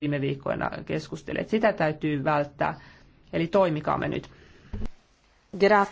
viime viikkoina keskustelleet. Sitä täytyy välttää. Eli toimikaamme nyt.